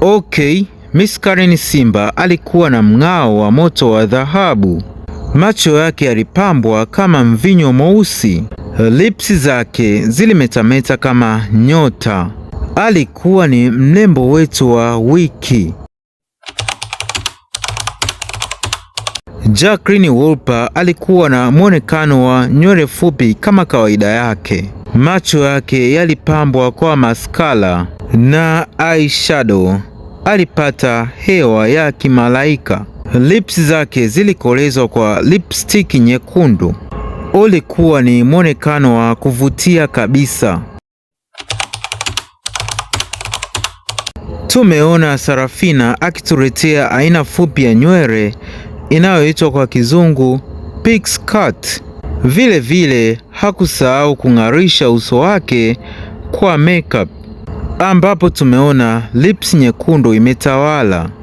Ok, Miss Karen Simba alikuwa na mng'ao wa moto wa dhahabu. Macho yake yalipambwa kama mvinyo mweusi. Lipsi zake zilimetameta kama nyota. Alikuwa ni mrembo wetu wa wiki. Jacqueline Wolper alikuwa na mwonekano wa nywele fupi kama kawaida yake. Macho yake yalipambwa kwa maskara na eyeshadow. Alipata hewa ya kimalaika. Lips zake zilikolezwa kwa lipstick nyekundu. Ulikuwa ni mwonekano wa kuvutia kabisa. Tumeona Sarafina akituletea aina fupi ya nywele inayoitwa kwa kizungu cut. Vile vile hakusahau kung'arisha uso wake kwa makeup ambapo tumeona lips nyekundu imetawala.